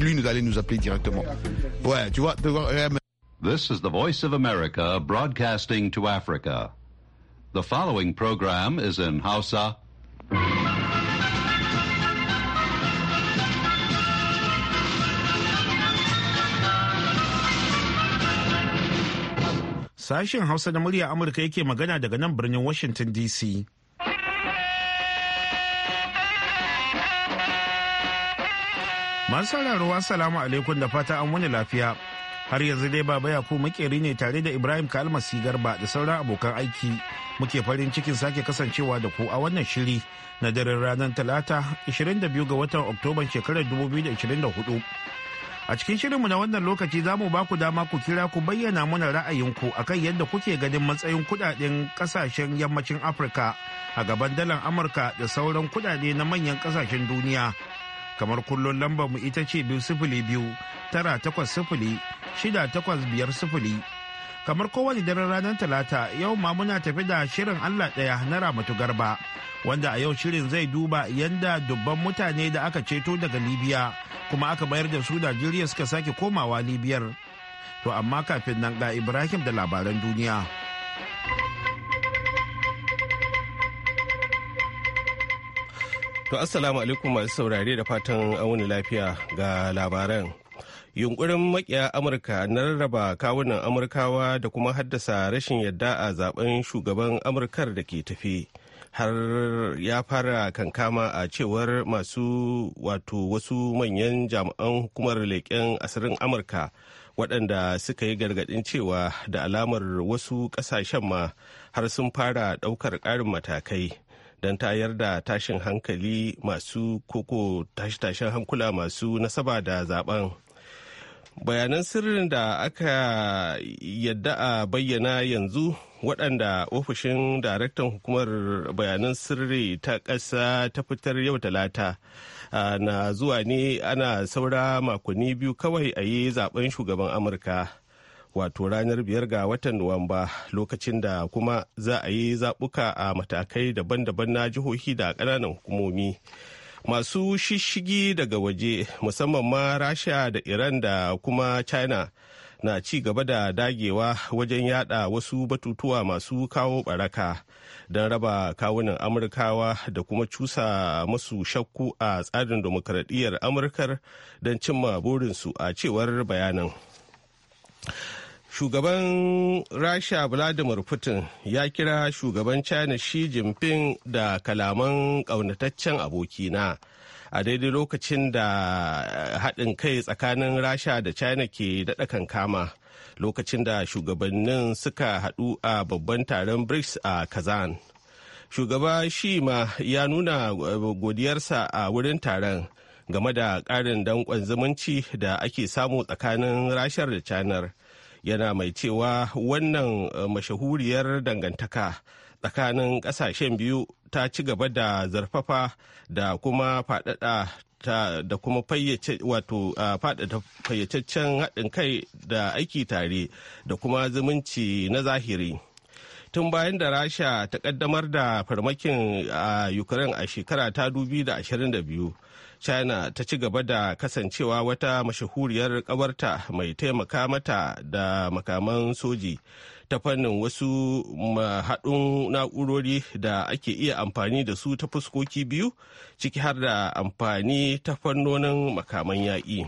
lui, nous allait nous appeler directement. Ouais, tu vois This is the Voice of America broadcasting to Africa. The following program is in Hausa. Sashen Hausa na murya Amurka yake magana daga nan birnin Washington DC. Masu sauraro salamu alaikum da fata an wani lafiya. Har yanzu dai baba Yakubu makeri ne tare da Ibrahim Kalmasi Garba da sauran abokan aiki muke farin cikin sake kasancewa da ku a wannan shiri na daren ranar Talata 22 ga watan Oktoban shekarar 2024. A cikin shirinmu na wannan lokaci za mu baku dama ku kira ku bayyana mana ra'ayinku kan yadda kuke ganin matsayin kudaden kasashen yammacin Afirka a gaban dalan Amurka da sauran kudade na manyan kasashen duniya. kamar kullum lambar mu ita ce biyu sifili biyu tara takwas sifili shida takwas biyar sifili kamar kowane daren ranar talata yau ma muna tafi da shirin allah ɗaya na ramatu garba wanda a yau shirin zai duba yadda dubban mutane da aka ceto daga libya kuma aka bayar da su najeriya suka sake komawa libiyar to amma kafin nan ga ibrahim da labaran duniya. To assalamu alaikum masu saurare da fatan an wani lafiya ga labaran. Yunkurin makiya Amurka na rarraba kawunan Amurkawa da kuma haddasa rashin yadda a zaben shugaban Amurkar da ke tafi. Har ya fara kankama a cewar masu wato wasu manyan jami'an hukumar leƙen asirin Amurka waɗanda suka yi gargaɗin cewa da alamar wasu ƙasashen ma har sun fara ɗaukar ƙarin matakai. don tayar da tashin hankali masu koko tashi tashen hankula masu nasaba da zaben bayanan sirrin da aka yadda a bayyana yanzu waɗanda ofishin daraktan hukumar bayanan sirri ta ƙasa ta fitar yau talata na zuwa ne ana saura makonni biyu kawai a yi zaben shugaban amurka wato ranar biyar ga watan nuwamba lokacin da kuma za a yi zaɓuka a matakai daban-daban na jihohi da ƙananan hukumomi masu shishigi daga waje musamman ma rasha da iran da kuma china na ci gaba da dagewa wajen yada wasu batutuwa masu kawo baraka don raba kawunan amurkawa da kuma cusa masu shakku a tsarin demokradiyyar amurkar don cimma burinsu a cewar bayanan shugaban rasha vladimir putin ya kira shugaban china shi jinping da kalaman ƙaunataccen abokina a daidai lokacin da eh, haɗin kai tsakanin rasha da china ke daɗa kankama lokacin da shugabannin suka haɗu a babban taron brics a kazan shugaba shi ma ya nuna eh, godiyarsa a wurin taron game da ƙarin danƙon zumunci da ake samu tsakanin rashar da canar yana mai cewa wannan eh, mashahuriyar dangantaka tsakanin ƙasashen biyu ta ci gaba da zarfafa da kuma faɗaɗa da kuma wato eh, fayyacaccen haɗin kai da aiki tare da kuma zumunci na zahiri. tun bayan da rasha ta kaddamar da farmakin a eh, ukraine a shekara ta 2022 china ta ci gaba da kasancewa wata mashahuriyar kawarta mai taimaka mata da makaman soji ta fannin wasu haɗin na'urori da ake iya amfani da su ta fuskoki biyu ciki har da amfani ta fannonin makaman yaƙi.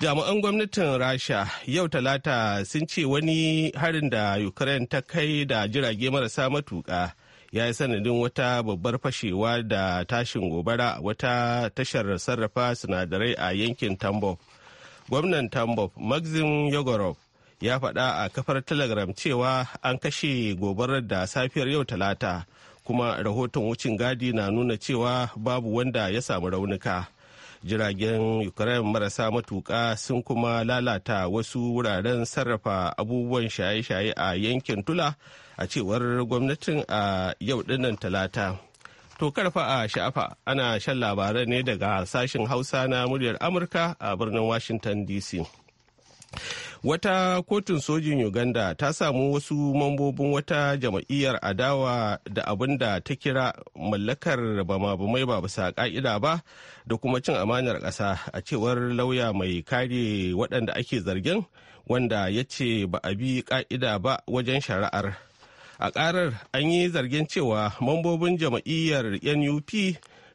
jami'an gwamnatin rasha yau talata sun ce wani harin da ukraine ta kai da jirage marasa matuƙa ya yi sanadin wata babbar fashewa da tashin gobara a wata tashar sarrafa sinadarai a yankin tambov gwamnan tambov maxim yogorov ya faɗa a kafar telegram cewa an kashe gobarar da safiyar yau talata kuma rahoton wucin gadi na nuna cewa babu wanda ya samu raunuka jiragen ukraine marasa matuka sun kuma lalata wasu wuraren sarrafa abubuwan shaye-shaye a yankin tula a cewar gwamnatin a yau dinnan talata to karfa a sha'afa ana shan labaran ne daga sashen hausa na muryar amurka a birnin washington dc wata kotun sojin uganda ta samu wasu mambobin wata jama'iyyar adawa da abin da ta kira mallakar bama-bamai ba bisa ka'ida ba da kuma cin amanar ƙasa a cewar lauya mai kare waɗanda ake zargin wanda ya ce ba a bi ka'ida ba wajen shari'ar a karar an yi zargin cewa mambobin jama'iyyar nup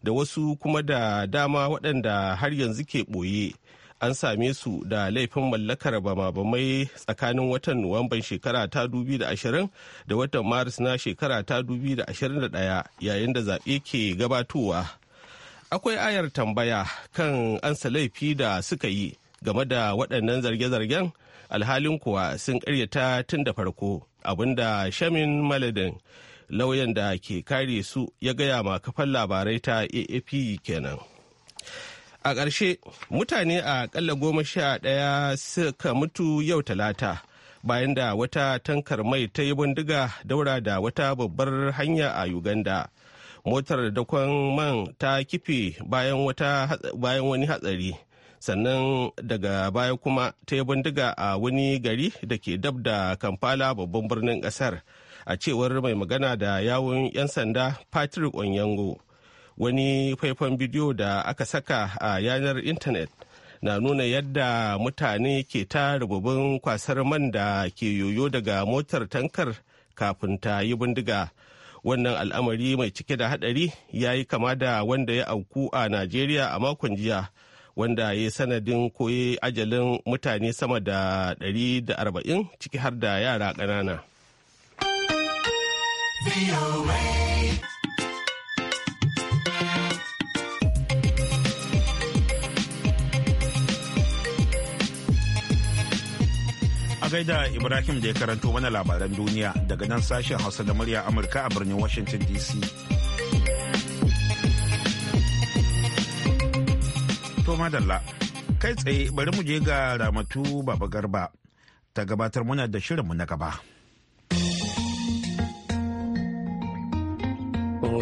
da wasu kuma da dama waɗanda har yanzu ke ɓoye an same su da laifin mallakar bama-bamai tsakanin watan nuwamban shekara ta 2020 da watan maris na shekara ta 2021 yayin da zaɓe ke gabatowa akwai ayar tambaya kan ansa laifi da suka yi game da waɗannan zarge-zargen alhalin kuwa sun ƙaryata tun da farko abinda shamin maladin lauyan da ke kare su ya gaya ma kafan labarai ta AAP kenan. A ƙarshe mutane a ƙalla goma sha ɗaya suka mutu yau talata bayan da wata tankar mai ta yi bindiga daura da wata babbar hanya a Uganda. Motar dakon man ta kife bayan wani hatsari sannan daga baya kuma ta yi bindiga a wani gari da ke dab da kampala babban birnin kasar a cewar mai magana da yawun 'yan sanda patrick onyango wani faifan bidiyo da aka saka a yanar intanet na nuna yadda mutane ke ta rububin kwasar man da ke yoyo daga motar tankar kafin ta yi bindiga wannan al'amari mai cike da hadari ya yi kama da wanda ya auku a najeriya a makon jiya wanda ya yi sanadin koyi ajalin mutane sama da 140 ciki har da yara ƙanana. A gaida Ibrahim da ya karanto mana labaran duniya daga nan sashen Hausa da murya Amurka a birnin Washington DC. to madalla kai tsaye bari mu je ga ramatu baba garba ta gabatar muna da shirinmu na gaba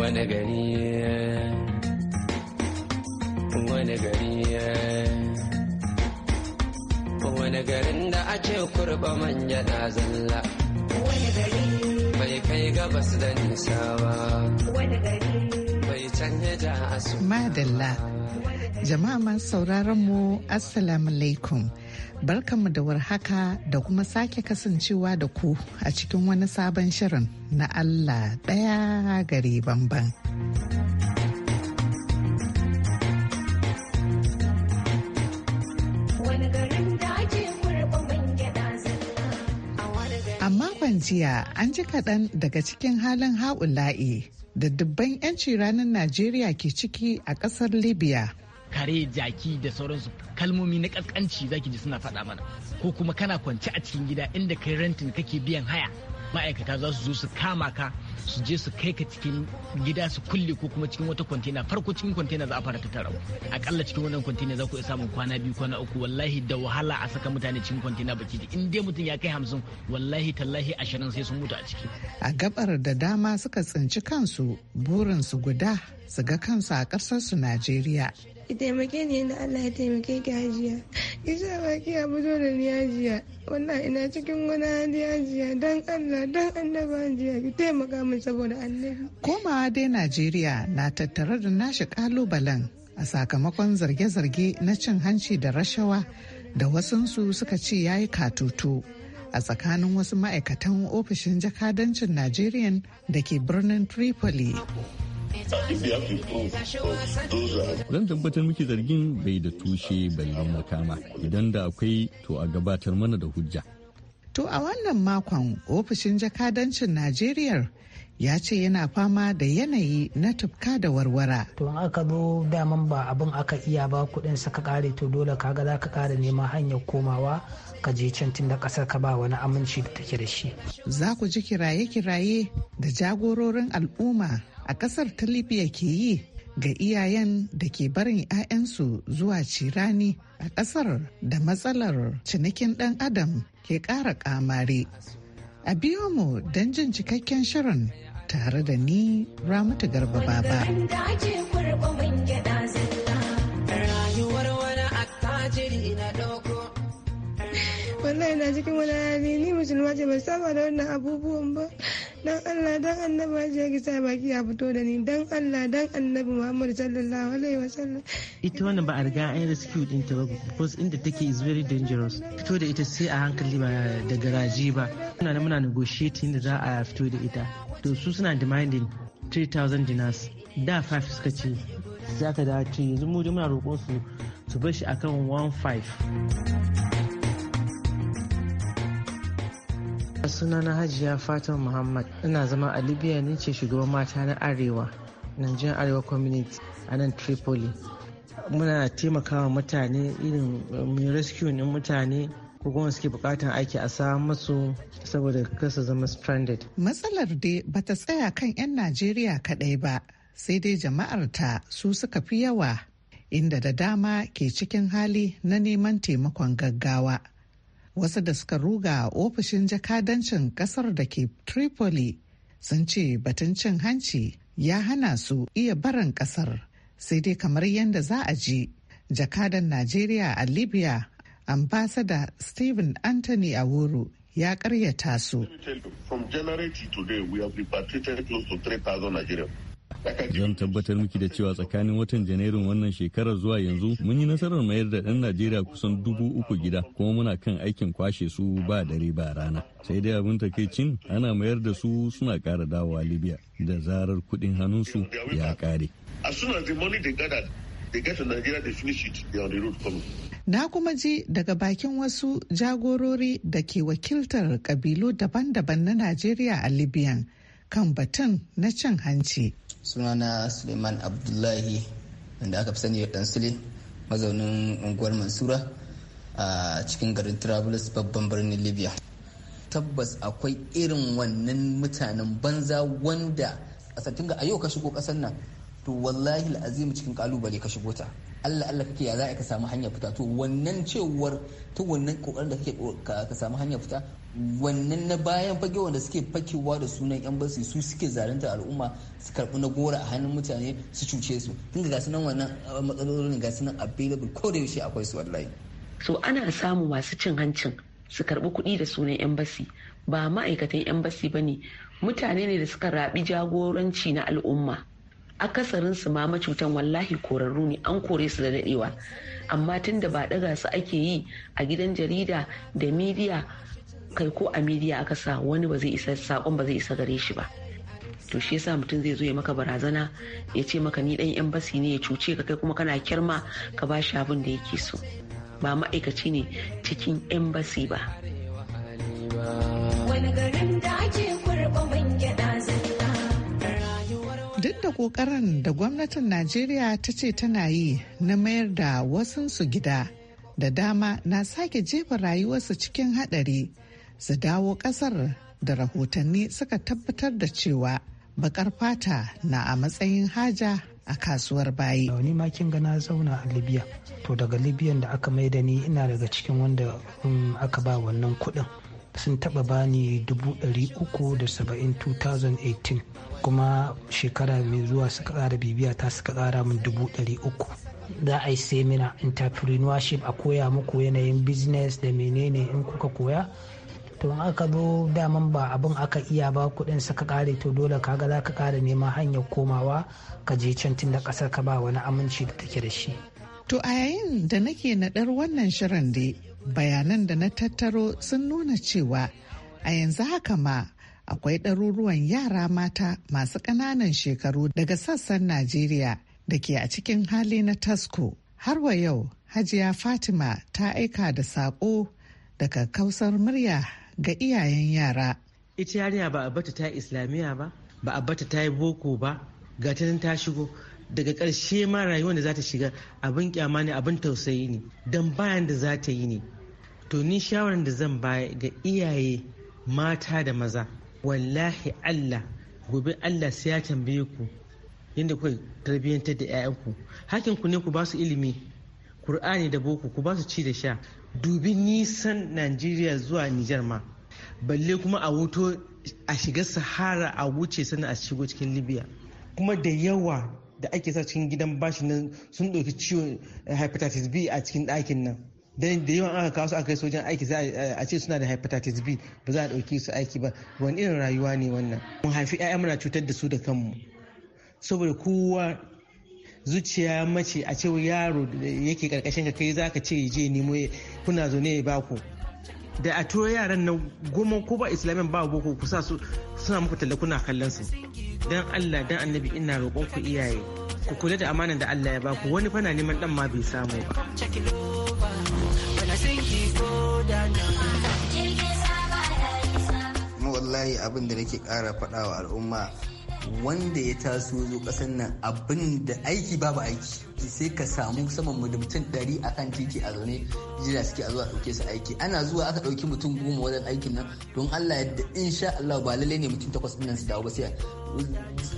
wani gari wani gari wani garin da a ce kurba manya na zalla wani gari bai kai gabas da nisa ba wani gari Madalla. Jama'a masu sauraron mu Assalamu alaikum. Barkanmu da warhaka da kuma sake kasancewa da ku a cikin wani sabon shirin na Allah ɗaya gari bamban. A makon jiya an ji kaɗan daga cikin halin ha'ula'i da dubban 'yanci ranar najeriya ke ciki a ƙasar libya kare jaki da sauransu kalmomi na ƙasƙanci zaki ji suna faɗa mana ko kuma kana kwance a cikin gida inda kai rentin kake biyan haya ma'aikata za su zo su kama ka su je su kai ka cikin gida su kulle ko kuma cikin wata kwantena farko cikin kwantena za a fara tattara akalla cikin wannan kwantena za ku iya samun kwana biyu kwana uku wallahi da wahala a saka mutane cikin kwantena baki da in dai mutum ya kai hamsin wallahi tallahi ashirin sai sun mutu a ciki a gabar da dama suka tsinci kansu burin su guda su ga kansu a ƙasar su Najeriya ki taimake ni na Allah ya taimake ki hajiya ki sa baki a buzo da ni hajiya wannan ina cikin wani hajiya dan Allah dan annaba hajiya ki taimaka min komai saboda annabi. Komawa dai Najeriya na tattare da nashi kalubalen a sakamakon zarge-zarge na cin hanci da rashawa da wasunsu suka ce ya yi katutu a tsakanin wasu ma'aikatan ofishin jakadancin Najeriya da ke birnin Tripoli. Zan tabbatar muke zargin bai da tushe bayan makama idan da akwai to a gabatar mana da hujja. To a wannan makon ofishin jakadancin Najeriya ya ce yana fama da yanayi na tufka da warwara. To an aka zo daman ba abin aka iya ba kuɗin suka kare to dole kaga za ka kara neman hanyar komawa ka je can tun da kasar ka ba wani aminci da take da shi. Za ku ji kiraye-kiraye da jagororin al'umma a kasar ta Libya ke yi ga iyayen da ke barin 'ya'yansu zuwa cirani a kasar da matsalar cinikin dan adam ke kara ƙamare. A biyo mu don jin cikakken shirin tare da ni ramatu garba baba. Wannan na cikin wani ni musulma ce ban saba da wannan abubuwan ba dan Allah dan annabi ya ki sa baki ya fito da ni dan Allah dan annabi Muhammad sallallahu alaihi wasallam ita wannan ba a riga an rescue din ta ba because inda take is very dangerous fito da ita sai a hankali ba da garaji ba muna muna negotiating da za a fito da ita to su suna demanding 3000 dinars da 5 suka ce za ta dace yanzu mu muna roƙon su su bar shi akan 15 a sunana hajiya fatan muhammad ina zama a libya ne ce shugaban mata na arewa nigerian arewa community a nan tripoli muna taimakawa mutane irin eh, mai rescue ne mutane ko kuma suke bukatan aiki a samu masu saboda kasa zama stranded. Matsalar dai bata tsaya kan 'yan Najeriya kaɗai ba, sai dai jama'ar ta su suka fi yawa, inda da dama ke cikin hali na neman taimakon gaggawa. wasu da suka ruga a ofishin jakadancin kasar da ke tripoli sun ce batun cin hanci ya hana su iya barin kasar sai dai kamar yadda za a ji jakadan najeriya a libya ambasada stephen anthony awuru ya karyata su. Zan tabbatar miki da cewa tsakanin watan Janairun wannan shekarar zuwa yanzu mun yi nasarar mayar da ɗan Najeriya kusan dubu uku gida kuma muna kan aikin kwashe su ba dare ba rana. Sai dai abin takaicin ana mayar da su suna ƙara dawowa Libya da zarar kuɗin hannunsu ya ƙare. Na kuma ji daga bakin wasu jagorori da ke wakiltar kabilu daban-daban na Najeriya a Libyan kan batun na cin hanci. sunana suleiman abdullahi wanda aka fi sani da dan sule mazaunin unguwar mansura a cikin garin travelers babban birnin libya tabbas akwai irin wannan mutanen banza wanda satin ga a yau ka shigo kasar nan to wallahi azim cikin kalubale ka shigo ta Allah Allah kake ya za ka samu hanyar fita to wannan cewar ta wannan kokarin da kake ka samu hanyar fita wannan na bayan fage wanda suke fakewa da sunan yan basi su suke zalunta al'umma su karbi na gora a hannun mutane su cuce su tun ga sunan wannan uh, matsalolin ga sunan available ko da yaushe akwai su wallahi so ana samun masu cin hancin su karbi kuɗi da sunan yan basi ba ma'aikatan yan basi bane mutane ne da suka rabi jagoranci na al'umma akasarin su ma macutan wallahi korarru ne an kore su da dadewa amma tun da ba daga su ake yi a gidan jarida da midiya kai ko a midiya aka sa wani ba zai isa sakon ba zai isa gare shi ba to shi yasa mutum zai zo ya maka barazana ya ce maka ni dan yan basi ne ya cuce ka kai kuma kana kirma ka ba shi abin da yake so ba ma'aikaci ne cikin yan basi ba duk da kokarin da gwamnatin najeriya ta ce tana yi na mayar da wasansu gida da dama na sake jefa rayuwarsu cikin haɗari. su dawo kasar da rahotanni suka tabbatar da cewa bakar fata na a matsayin haja a kasuwar bayi. Wani makin gana zauna a Libya. To daga Libya da aka maida ni ina daga cikin wanda um, aka ba wannan kuɗin. Sun taba bani dubu kuma shekara mai zuwa suka ƙara bibiya ta suka kara min 300 Za a yi semina entrepreneurship a koya muku yanayin business da menene in kuka koya to in aka zo daman ba abin aka iya ba kuɗin suka kare to dole kaga za ka kare neman hanyar komawa ka je can tun da ƙasar ka ba wani aminci da take da shi. To a yayin da nake naɗar wannan shirin dai bayanan da na tattaro sun nuna cewa a yanzu haka ma akwai ɗaruruwan yara mata masu ƙananan shekaru daga sassan Najeriya da ke a cikin hali na tasko. Har wa yau, Hajiya Fatima ta aika da saƙo daga kausar murya ga iyayen yara. Ita yarinya ba a bata ta islamiyya ba, ba a bata ta yi boko ba, ga ta ta shigo. Daga ƙarshe ma rayuwar da za ta shiga abin kyama ne abin tausayi ne, don bayan da za ta yi ne. To ni shawarar da zan baya ga iyaye mata da maza, wallahi Allah, gobe Allah sai ya tambaye ku yadda kuka tarbiyyantar da 'ya'yanku. Hakinku ku ne ku ba su ilimi, Kur'ani da boko ku ba su ci da sha dubi nisan najeriya zuwa nijar ma balle kuma a wuto a shiga sahara a wuce sannan a shigo cikin libya kuma da yawa da ake sa cikin gidan bashi nan sun ɗauki ciwon eh, hepatitis b a cikin ɗakin nan dan da yawan aka kawo su aka kai sojan aiki za eh, a ce suna da hepatitis b ba za a ɗauki su aiki ba wani irin rayuwa ne wannan mun haifi 'ya'ya muna cutar da su da kanmu saboda kowa zuciya mace a cewa yaro da yake karkashin ka kai zaka ce je nemo kuna zo ne ba ku da a turo yaran nan goma ko ba islamin ba boko ku sa su suna muku talla kuna kallon su dan Allah dan annabi ina roƙon ku iyaye ku kula da amanan da Allah ya ba ku wani fana neman dan ma bai samu ba wallahi abin da nake ƙara faɗawa al'umma wanda ya taso zo kasan nan abin da aiki babu aiki sai ka samu saman da mutum ɗari a kan titi a zaune jira suke a zuwa ɗauke su aiki ana zuwa aka ɗauki mutum goma wajen aikin nan don allah yadda insha allah ba lallai ne mutum takwas ɗin nan su dawo ba sai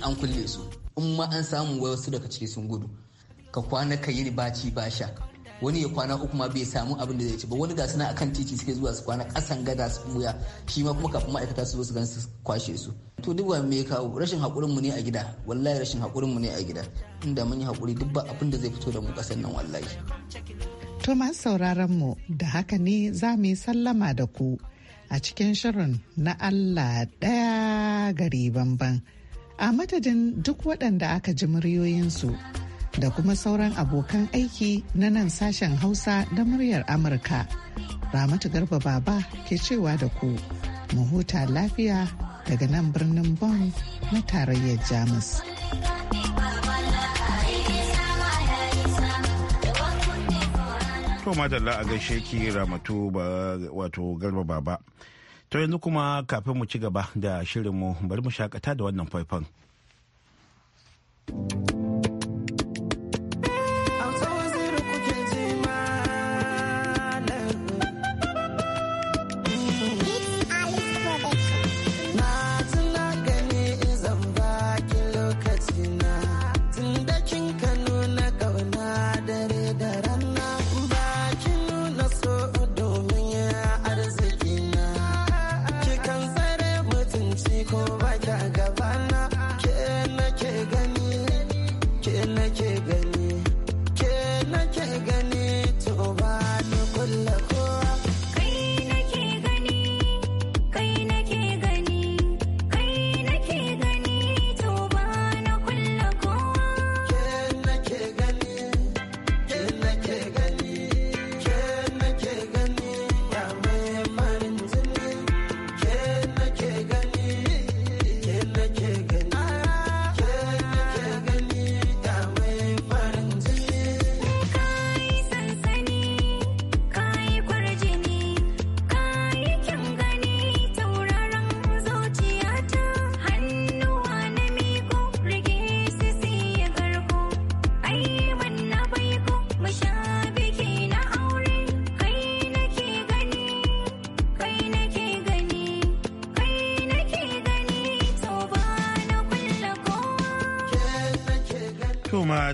an kulle su in ma an samu wasu daga ciki sun gudu ka kwana ka yi baci ba sha wani ya kwana uku ma bai samu abin da zai ci ba wani ga suna akan titi suke zuwa su kwana kasan gada su buya shi ma kuma kafin ma'aikata su zo su gan su kwashe su to duk wani mai kawo rashin hakurin mu ne a gida wallahi rashin hakurin mu ne a gida inda mun yi hakuri duk ba abin da zai fito da mu kasan nan wallahi to masu sauraron mu da haka ne za mu yi sallama da ku a cikin shirin na Allah ɗaya gari banban a madadin duk waɗanda aka ji muryoyinsu da kuma sauran abokan aiki na nan sashen Hausa da muryar Amurka. Ramatu Garba Baba ke cewa da ku, mu huta lafiya daga nan birnin Bonn na tarayyar Jamus. To madalla a gaishe ki Ramatu wato Garba Baba. To yanzu kuma kafin mu ci gaba da shirinmu bari mu shakata da wannan faifan. thank you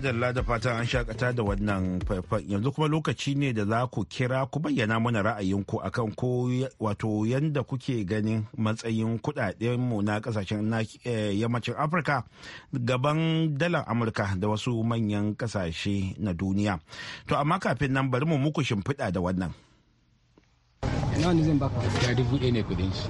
madalla da fatan an shakata da wannan faifan yanzu kuma lokaci ne da za ku kira ku bayyana mana ra'ayinku akan ko wato yanda kuke ganin matsayin mu na kasashen eh, yammacin afirka gaban dalar amurka da wasu manyan kasashe na duniya to amma kafin nan bari mu muku shimfiɗa da wannan nawa ne zan baka ya dubu ɗaya ne kuɗin shi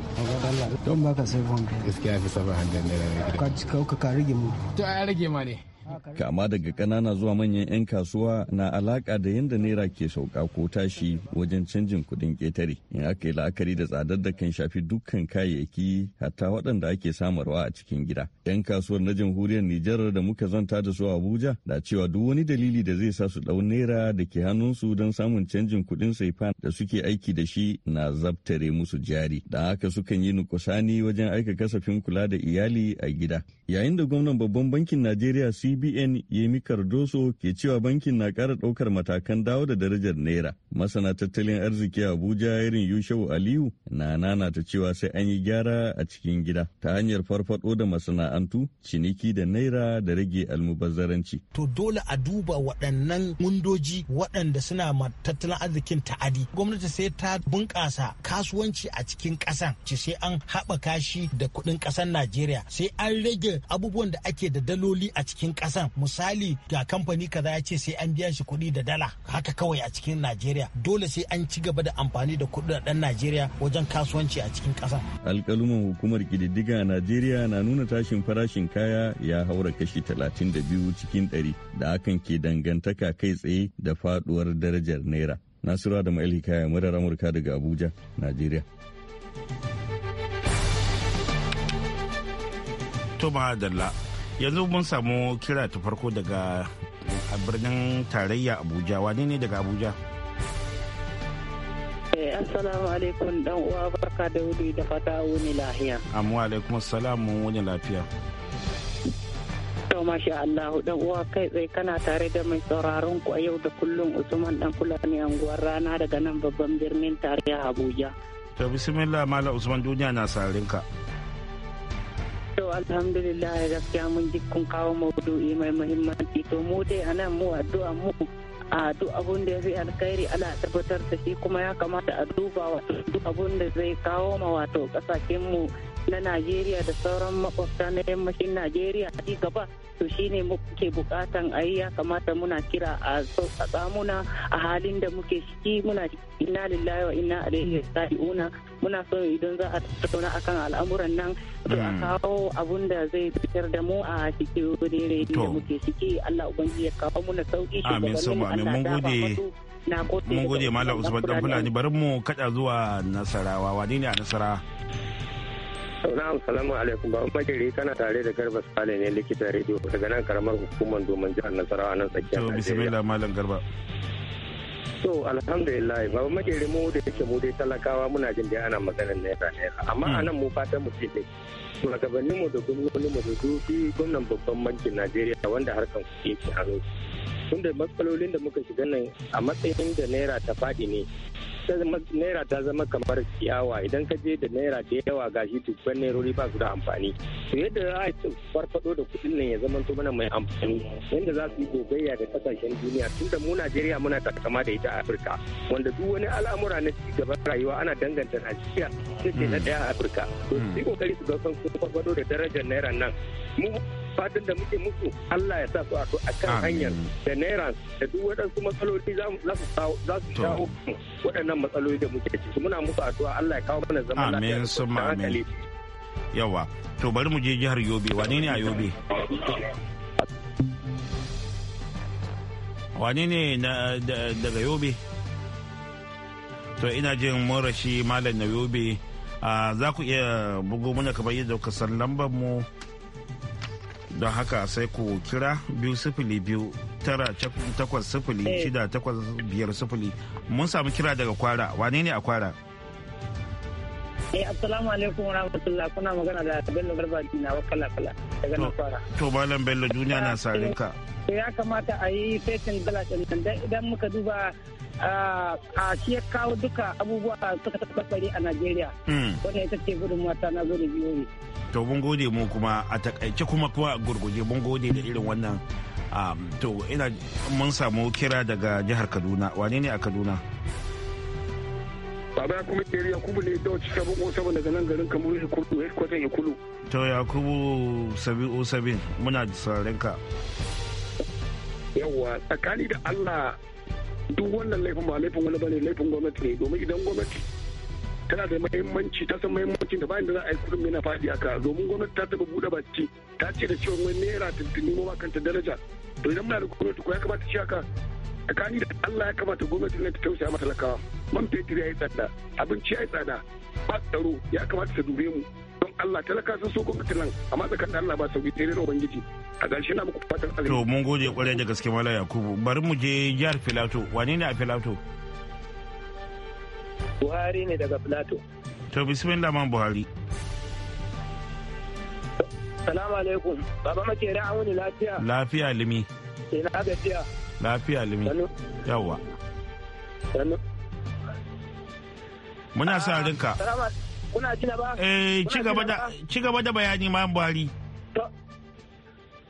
don baka sai gaskiya fi saba hannun naira ka rage mu to ya rage ma ne kama daga ƙanana zuwa manyan 'yan kasuwa na alaƙa da yadda naira ke sauka ko tashi wajen canjin kuɗin ƙetare in aka yi la'akari da tsadar da kan shafi dukkan kayayyaki hatta waɗanda ake samarwa a cikin gida 'yan kasuwar na jamhuriyar nijar da muka zanta da su abuja na cewa duk wani dalili da zai sa su ɗau naira da ke hannunsu don samun canjin kuɗin saifan da suke aiki da shi na zabtare musu jari da haka sukan yi nukusani wajen aika kasafin kula da iyali a gida yayin da gwamnan babban bankin najeriya si CBN Yemi Cardoso ke cewa bankin na ƙara ɗaukar matakan dawo da darajar Naira. Masana tattalin arziki Abuja irin Yushau Aliyu na nana ta cewa sai an yi gyara a cikin gida ta hanyar farfaɗo da masana'antu, ciniki da Naira da rage almubazzaranci. To dole a duba waɗannan mundoji waɗanda suna ma tattalin arzikin ta'adi. Gwamnati sai ta bunƙasa kasuwanci a cikin ƙasan, ce sai an haɓaka shi da kuɗin ƙasar Najeriya, sai an rage abubuwan da ake da daloli a cikin kasan misali ga kamfani kaza ya ce sai an biya shi kuɗi da dala haka kawai a cikin najeriya dole sai an ci gaba da amfani da kuɗi ɗan najeriya wajen kasuwanci a cikin kasan alƙaluman hukumar ƙididdiga a najeriya na nuna tashin farashin kaya ya haura kashi 32 cikin 100 da hakan ke dangantaka kai tsaye da faduwar darajar naira nasiru da ma'il hikaya murar amurka daga abuja najeriya Toma Adalla yanzu mun samu kira ta farko daga a birnin tarayya abuja wane ne daga abuja eh, assalamu alaikum dan uwa barka da wuri da fata wuni lafiya amma alaikum assalamu wani lafiya to masha Allah dan uwa kai tsaye kana tare da mai sauraron ku a yau da kullum Usman dan ne anguwar rana daga nan babban birnin tarayya Abuja to bismillah mala Usman duniya na sarinka ka To alhamdulillah gaskiya mun ji kun kawo maudu'i mai muhimmanci to mu dai anan mu addu'a mu a duk abun da ya fi alkhairi ana tabbatar da shi kuma ya kamata a duba wato duk abun da zai kawo ma wato kasashen mu na Najeriya da sauran makwabta na yammacin Najeriya ci gaba to shine muke bukatan ayi ya kamata muna kira a tsamuna a halin da muke shi muna inna lillahi wa inna ilaihi raji'una muna son idan za a tattauna akan al'amuran nan to a hmm. kawo abun da zai fitar da mu a cikin rere da muke ciki Allah ubangi ya kawo muna sauki shi amin sama amin mun gode mun gode malam usman dan fulani bari mu kada zuwa nasarawa wani ne a nasara Na'am salamu alaikum ba majiri kana tare da Garba Sale ne likita rediyo daga nan karamar hukumar Domin jihar Nasarawa nan tsakiya. To bismillah malam Garba. so alhamdulillah ba makere mu da yake mu dai talakawa muna jin dai ana maganar naira naira amma hmm. anan mu fatan mu ce dai mu da mu da dubi gwamnan babban bankin najeriya wanda harkan kuɗi ke hannu tunda matsalolin da muka shiga nan a matsayin da naira ta faɗi ne naira ta zama kamar ciyawa idan ka je da naira da yawa ga shi tukwan nairori ba su da amfani to yadda za a farfado da kuɗin nan ya zama to mana mai amfani yadda za su yi gogayya da kasashen duniya tunda mu Najeriya muna takama da ita a Afirka wanda duk wani al'amura na ci gaban rayuwa ana danganta Najeriya ta ce na hmm. a Afirka to su yi kokari hmm. su ga sun farfado da darajar naira nan mu fatan da muke musu Allah ya sa su a kan hanyar da naira da duk waɗansu matsaloli za su shawo waɗannan matsaloli da muke ciki muna musu addu'a Allah ya kawo mana zaman lafiya yawa to bari mu je jihar Yobe wane ne a Yobe wane ne daga Yobe to ina jin morashi malam na Yobe ah, za ku iya bugo mana kamar yadda kasar lambar mu don haka sai ku kira biyu sifili biyu tara takwas sifili eh. shida takwas biyar sifili mun samu kira daga kwara wane ne a kwara eh assalamu alaikum warahmatullah kuna magana da bello garba na wakala kala daga nan kwara to malam bello duniya na sarinka eh, ka ya kamata a yi fetin dala din idan muka duba a shi kawo duka abubuwa suka tabbare a Najeriya. Hmm. Wanda ita ce gudun mata na gode biyoyi. To mun gode mu kuma a takaice kuma kuma a gurguje mun gode da irin wannan. Um, to ina mun samu kira daga jihar Kaduna wane ne a Kaduna? Baba kuma kere Yakubu ne da wacce sabon o sabon daga nan garin Kamaru Hikulu headquarter Hikulu. To Yakubu sabi o oh, sabin muna da ka. Yawwa tsakani da Allah duk wannan laifin ba laifin wani bane laifin gwamnati ne domin idan gwamnati tana da mahimmanci ta san mahimmancin da bayan da za a yi kudin mai na faɗi aka domin gwamnati ta taɓa buɗe baki ta ce da cewa wani naira tuntuni ma kanta daraja to idan muna da gwamnati ko ya kamata shi haka tsakani da Allah ya kamata gwamnati ne ta tausaya mata talakawa man fetur ya yi tsada abinci ya yi tsada ba tsaro ya kamata ta dube mu Allah talaka sun so gwamnatin nan amma tsakanin Allah ba sauki sai dai ubangiji a ƙarshe na muku fatan alheri to mun gode kwarai da gaske mala yakubu bari mu je jihar filato wani ne a filato buhari ne daga filato to bismillah man buhari salamu alaikum baba makera an wani lafiya lafiya limi ina gajiya lafiya limi yawa muna sa rinka kuna jina ba eh ci gaba da ci gaba da bayani ma Buhari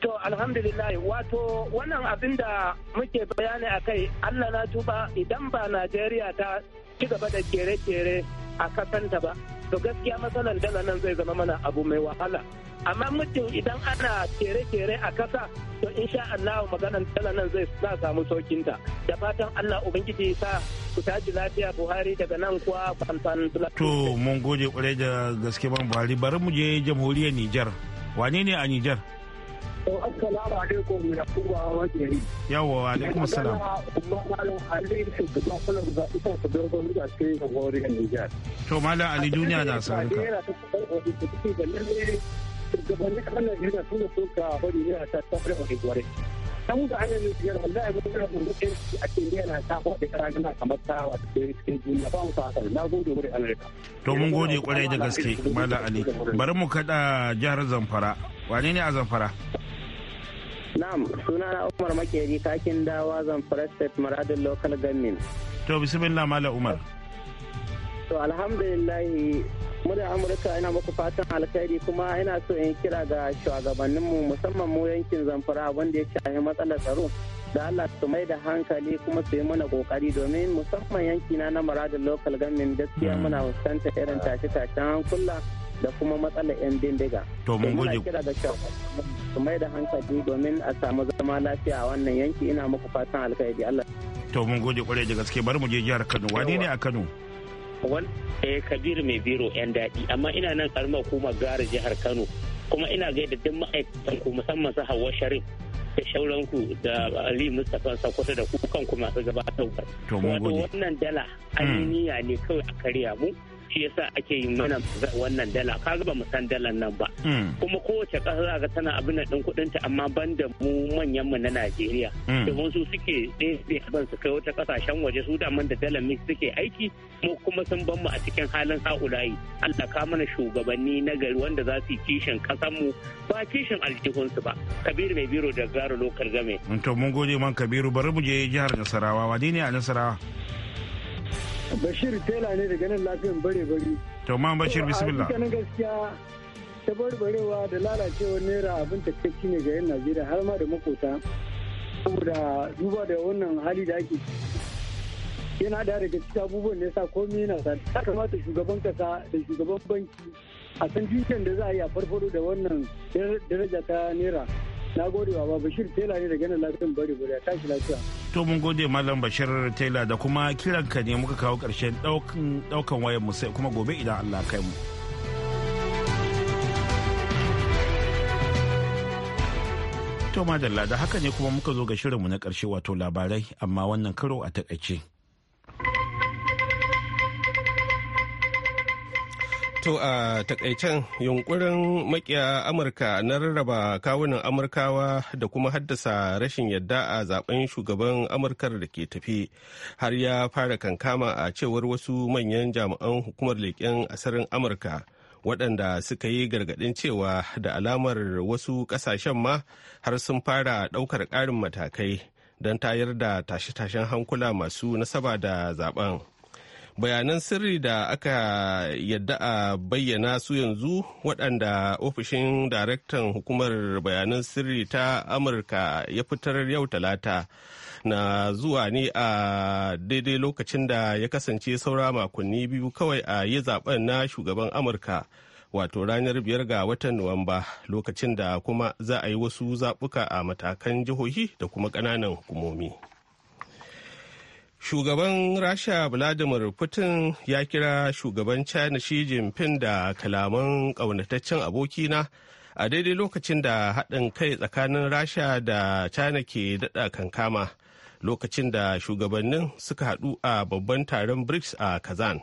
to alhamdulillah wato wannan abin da muke bayani a kai Allah na tuba idan ba Najeriya ta ci gaba da kere-kere a kasanta ba to gaskiya matsalan dala nan zai zama mana abu mai wahala amma mutum idan ana kere-kere a kasa to in insha Allah maganan dala nan zai sa samu saukinta da fatan Allah ubangiji sa ku taji lafiya Buhari daga nan kuwa kwantan to mun gode kwarai da gaske ban Buhari bari mu je jamhuriyar Niger wane ne a Niger Assalamu alaikum ya kuma wa alaikum Kuma malam Ali su da su Nijar. To malam Ali duniya na ka. Najeriya sun da wani yana ta tafiya wani da ana yin wallahi mun a cikin yana ta kamar ta wata cikin duniya ba mu sa na gode Amerika. To mun gode kwarai da gaske Malam Ali. Bari mu kada jihar Zamfara. Wane ne a Zamfara? Na'am, sunana Umar Makeri kakin dawa zan State Maradin Local Government. To bismillah Mala Umar. To alhamdulillah murya Amurka ina muku fatan alkhairi kuma ina so in kira ga shugabanninmu musamman mu yankin Zamfara wanda ya shafi matsalar tsaro. da Allah su mai da hankali kuma su yi mana kokari domin musamman yankina na maradin local government gaskiya hmm. muna fuskantar irin tashe-tashen hankula da kuma matsalar 'yan dindiga. To mun gode. kira da su mai da hankali domin a samu zama lafiya a wannan yanki ina muku fatan alkhairi Allah. To mun gode kwarai da gaske bari mu je jihar Kano wani ne a Kano? Wani eh, Kabir mai biro 'yan daɗi amma ina nan karma kuma gara jihar Kano kuma ina gaida duk ma'aikatan ku musamman su Hawwa Sharif da shauranku da Ali Mustapha Sokoto da ku kanku masu gabatarwa. To mun gode. Wannan dala hmm. an niyya ne kawai a karya mu. shi yasa ake yi mana wannan dala ka ba mu san dalan nan ba hmm. kuma kowace ƙasa ga tana abin din kuɗin ta amma banda mu manyan mu na Najeriya hmm. domin su suke ɗaya ban su kai wata ƙasashen waje su da da dalan suke aiki mu kuma sun ban mu a cikin halin ha'ulayi Allah ka mana shugabanni na gari wanda za su kishin ƙasar mu ba kishin aljihun su ba Kabiru mai biro da garo lokal game to mun gode man Kabiru bari mu je jihar Nasarawa wani ne a Nasarawa Bashir tela ne daga nan lafiyan bare bari. To man Bashir bismillah. Hakikanin gaskiya ta barbarewa da lalacewar naira abin takaici ne ga yan Najeriya har ma da makota. Saboda duba da wannan hali da ake yana da daga cikin abubuwan da yasa komai yana sa ta kamata shugaban kasa da shugaban banki a san da za a yi a farfado da wannan daraja ta naira. na gode wa ba bashir tela ne da nan lafiyan bari bari tashi lafiya to mun gode malam bashir tela da kuma kiran ka ne muka kawo karshen daukan daukan wayar mu sai kuma gobe idan Allah kai mu to madalla da haka ne kuma muka zo ga shirinmu na karshe wato labarai amma wannan karo a takaice To a takaicen yunkurin makiya Amurka na rarraba kawunan Amurkawa da kuma haddasa rashin yadda a zaben shugaban Amurkar da ke tafi har ya fara kankama a cewar wasu manyan jami'an hukumar leƙen asirin Amurka waɗanda suka yi gargaɗin cewa da alamar wasu ƙasashen ma har sun fara ɗaukar ƙarin matakai don tayar da tashe-tashen hankula masu nasaba da zaben. bayanan sirri da aka yadda a bayyana su yanzu waɗanda ofishin daraktan hukumar bayanan sirri ta amurka ya fitar yau talata na zuwa ne a daidai lokacin da ya kasance saura makonni biyu kawai a yi zaben na shugaban amurka wato ranar biyar ga watan nuwamba lokacin da kuma za a yi wasu zaɓuka a matakan jihohi da kuma ƙananan hukumomi. shugaban rasha vladimir putin ya kira shugaban china shi jinping da kalaman ƙaunataccen abokina a daidai lokacin da haɗin kai tsakanin rasha da china ke daɗa kankama lokacin da shugabannin suka haɗu a babban taron brics a kazan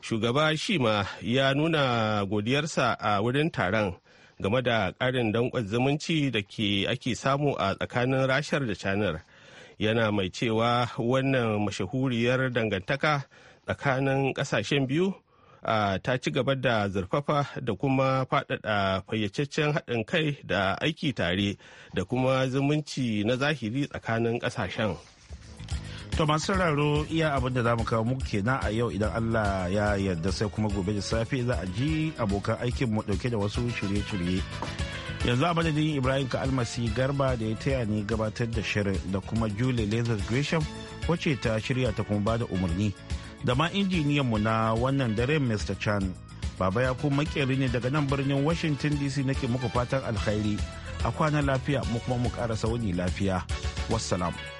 shugaba shima ya nuna godiyarsa a wurin taron game da ƙarin danƙon zumunci da ke ake samu a tsakanin rashar da canar yana mai cewa wannan mashahuriyar dangantaka tsakanin ƙasashen biyu ta ci gaba da zurfafa da kuma faɗaɗa fayyacaccen haɗin kai da aiki tare da kuma zumunci na zahiri tsakanin ƙasashen. To masu sauraro iya abin da za mu kawo muku kenan a yau idan Allah ya yarda sai kuma gobe da safe za a ji abokan aikin mu dauke da wasu shirye-shirye. yanzu a madadin ibrahim ka almasi garba da ya taya ni gabatar da shirin da kuma julie lazar gresham wacce ta shirya ta kuma bada umarni da ma injiniyanmu na wannan dare mr chan baba ya kuma makeri ne daga nan birnin washington dc nake muku fatan alkhairi a kwana lafiya mu kuma mu karasa wani lafiya wasalam.